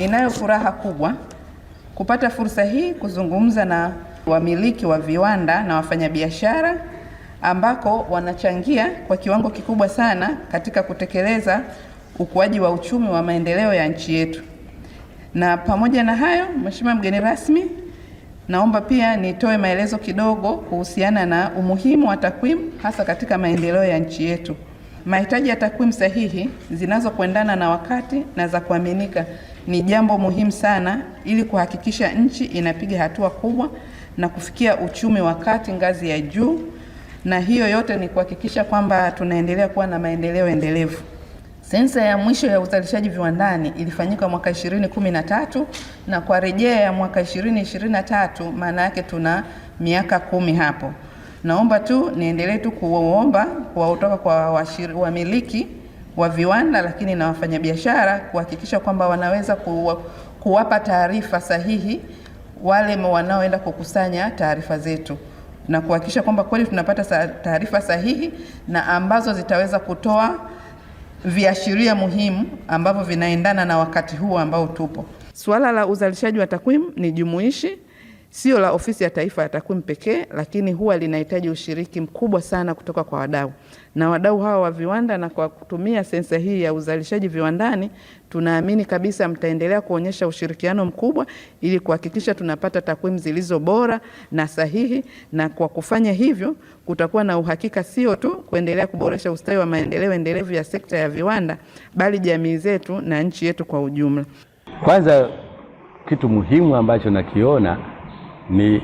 Ninayo furaha kubwa kupata fursa hii kuzungumza na wamiliki wa viwanda na wafanyabiashara ambako wanachangia kwa kiwango kikubwa sana katika kutekeleza ukuaji wa uchumi wa maendeleo ya nchi yetu. Na pamoja na hayo, Mheshimiwa mgeni rasmi, naomba pia nitoe maelezo kidogo kuhusiana na umuhimu wa takwimu hasa katika maendeleo ya nchi yetu. Mahitaji ya takwimu sahihi zinazokuendana na wakati na za kuaminika ni jambo muhimu sana ili kuhakikisha nchi inapiga hatua kubwa na kufikia uchumi wa kati ngazi ya juu, na hiyo yote ni kuhakikisha kwamba tunaendelea kuwa na maendeleo endelevu. Sensa ya mwisho ya uzalishaji viwandani ilifanyika mwaka 2013 na kwa rejea ya mwaka 2023, maana yake tuna miaka kumi hapo. Naomba tu niendelee tu kuomba kutoka kwa wamiliki wa viwanda, lakini na wafanyabiashara kuhakikisha kwamba wanaweza kuwa, kuwapa taarifa sahihi wale wanaoenda kukusanya taarifa zetu na kuhakikisha kwamba kweli tunapata taarifa sahihi na ambazo zitaweza kutoa viashiria muhimu ambavyo vinaendana na wakati huu ambao tupo. Suala la uzalishaji wa takwimu ni jumuishi sio la Ofisi ya Taifa ya Takwimu pekee, lakini huwa linahitaji ushiriki mkubwa sana kutoka kwa wadau na wadau hawa wa viwanda, na kwa kutumia sensa hii ya uzalishaji viwandani, tunaamini kabisa mtaendelea kuonyesha ushirikiano mkubwa ili kuhakikisha tunapata takwimu zilizo bora na sahihi, na kwa kufanya hivyo kutakuwa na uhakika sio tu kuendelea kuboresha ustawi wa maendeleo endelevu ya sekta ya viwanda, bali jamii zetu na nchi yetu kwa ujumla. Kwanza kitu muhimu ambacho nakiona ni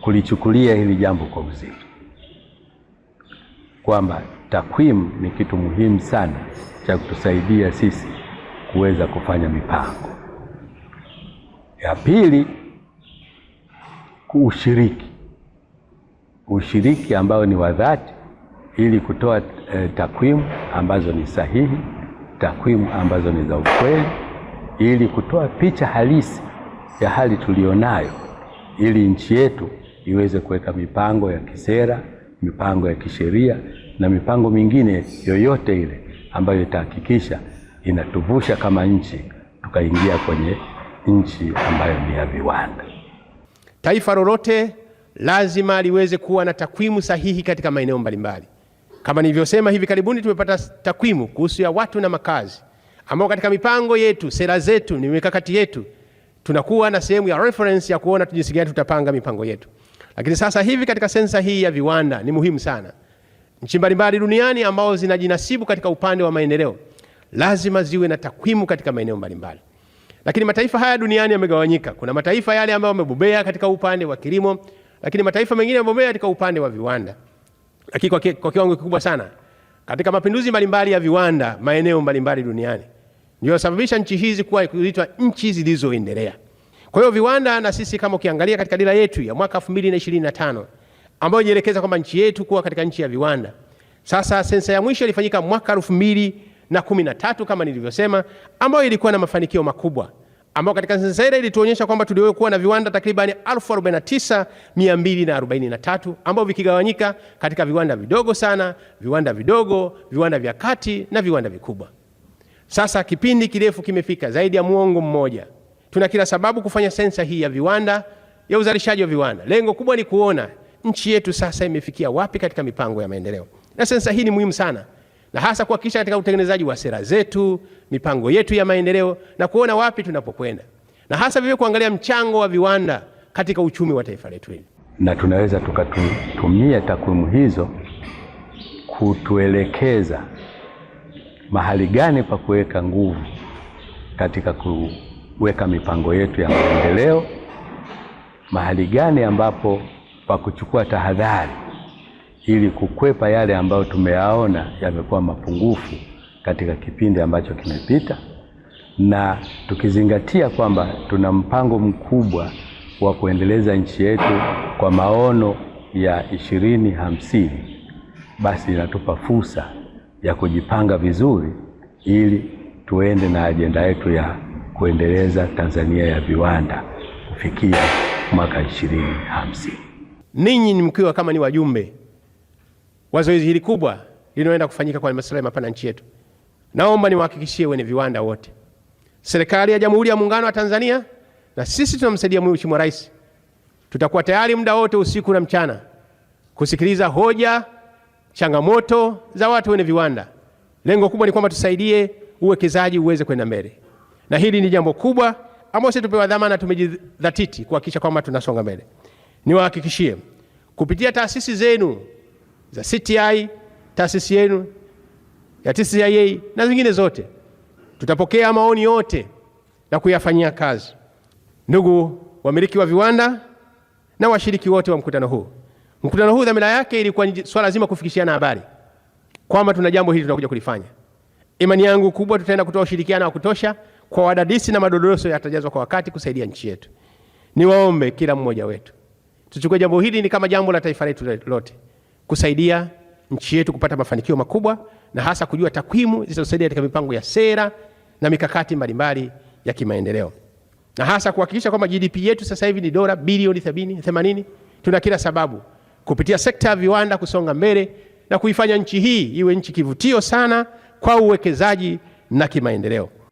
kulichukulia hili jambo kwa uzito, kwamba takwimu ni kitu muhimu sana cha kutusaidia sisi kuweza kufanya mipango. Ya pili, ushiriki, ushiriki ambao ni wa dhati ili kutoa e, takwimu ambazo ni sahihi, takwimu ambazo ni za ukweli, ili kutoa picha halisi ya hali tuliyonayo ili nchi yetu iweze kuweka mipango ya kisera, mipango ya kisheria na mipango mingine yoyote ile ambayo itahakikisha inatuvusha kama nchi tukaingia kwenye nchi ambayo ni ya viwanda. Taifa lolote lazima liweze kuwa na takwimu sahihi katika maeneo mbalimbali. Kama nilivyosema, hivi karibuni tumepata takwimu kuhusu ya watu na makazi, ambao katika mipango yetu, sera zetu, ni mikakati yetu tunakuwa na sehemu ya reference ya kuona jinsi gani tutapanga mipango yetu. Lakini sasa hivi katika sensa hii ya viwanda ni muhimu sana. Nchi mbalimbali duniani ambazo zinajinasibu katika upande wa maendeleo lazima ziwe na takwimu katika maeneo mbalimbali. Lakini mataifa haya duniani yamegawanyika. Kuna mataifa yale ambayo yamebobea katika upande wa kilimo, lakini mataifa mengine yamebobea katika upande wa viwanda. Lakini kwa kiwango kikubwa sana katika mapinduzi mbalimbali ya viwanda maeneo mbalimbali duniani ndio sababisha nchi hizi kuwa kuitwa nchi zilizoendelea. Kwa hiyo viwanda, na sisi kama ukiangalia katika dira yetu ya mwaka 2025 ambayo inaelekeza kwamba nchi yetu kuwa katika nchi ya viwanda. Sasa sensa ya mwisho ilifanyika mwaka 2013 kama nilivyosema, ambayo ilikuwa na mafanikio makubwa, ambayo katika sensa ile ilituonyesha kwamba tuliokuwa na viwanda takribani 49243 ambao vikigawanyika katika viwanda vidogo sana, viwanda vidogo, viwanda vya kati na viwanda vikubwa. Sasa kipindi kirefu kimefika, zaidi ya muongo mmoja. Tuna kila sababu kufanya sensa hii ya viwanda, ya uzalishaji wa viwanda. Lengo kubwa ni kuona nchi yetu sasa imefikia wapi katika mipango ya maendeleo, na sensa hii ni muhimu sana, na hasa kuhakikisha katika utengenezaji wa sera zetu, mipango yetu ya maendeleo, na kuona wapi tunapokwenda, na hasa vivyo kuangalia mchango wa viwanda katika uchumi wa taifa letu hili, na tunaweza tukatumia takwimu hizo kutuelekeza mahali gani pa kuweka nguvu katika kuweka mipango yetu ya maendeleo, mahali gani ambapo pa kuchukua tahadhari ili kukwepa yale ambayo tumeyaona yamekuwa mapungufu katika kipindi ambacho kimepita, na tukizingatia kwamba tuna mpango mkubwa wa kuendeleza nchi yetu kwa maono ya ishirini hamsini, basi inatupa fursa ya kujipanga vizuri ili tuende na ajenda yetu ya kuendeleza Tanzania ya viwanda kufikia mwaka hamsini Ninyi ni mkiwa kama ni wajumbe wa zoezi hili kubwa linaloenda kufanyika kwa maslahi mapana nchi yetu, naomba niwahakikishie wenye viwanda wote, serikali ya Jamhuri ya Muungano wa Tanzania na sisi tunamsaidia Mheshimiwa Rais, tutakuwa tayari muda wote, usiku na mchana, kusikiliza hoja changamoto za watu wenye viwanda. Lengo kubwa ni kwamba tusaidie uwekezaji uweze kwenda mbele, na hili ni jambo kubwa ambalo sisi tupewa dhamana, tumejidhatiti kuhakikisha kwamba tunasonga mbele. Niwahakikishie kupitia taasisi zenu za CTI, taasisi yenu ya TCIA na zingine zote, tutapokea maoni yote na kuyafanyia kazi. Ndugu wamiliki wa viwanda na washiriki wote wa mkutano huu Mkutano huu dhamira yake ilikuwa ni swala zima kufikishiana habari kwamba tuna jambo hili tunakuja kulifanya. Imani yangu kubwa tutaenda kutoa ushirikiano wa kutosha kwa wadadisi na madodoso yatajazwa kwa wakati kusaidia nchi yetu. Niwaombe kila mmoja wetu tuchukue jambo hili ni kama jambo la taifa letu lote, kusaidia nchi yetu kupata mafanikio makubwa, na hasa kujua takwimu zitazosaidia katika mipango ya sera na mikakati mbalimbali ya kimaendeleo, na hasa kuhakikisha kwamba GDP yetu sasa hivi ni dola bilioni 70 80. Tuna kila sababu kupitia sekta ya viwanda kusonga mbele na kuifanya nchi hii iwe nchi kivutio sana kwa uwekezaji na kimaendeleo.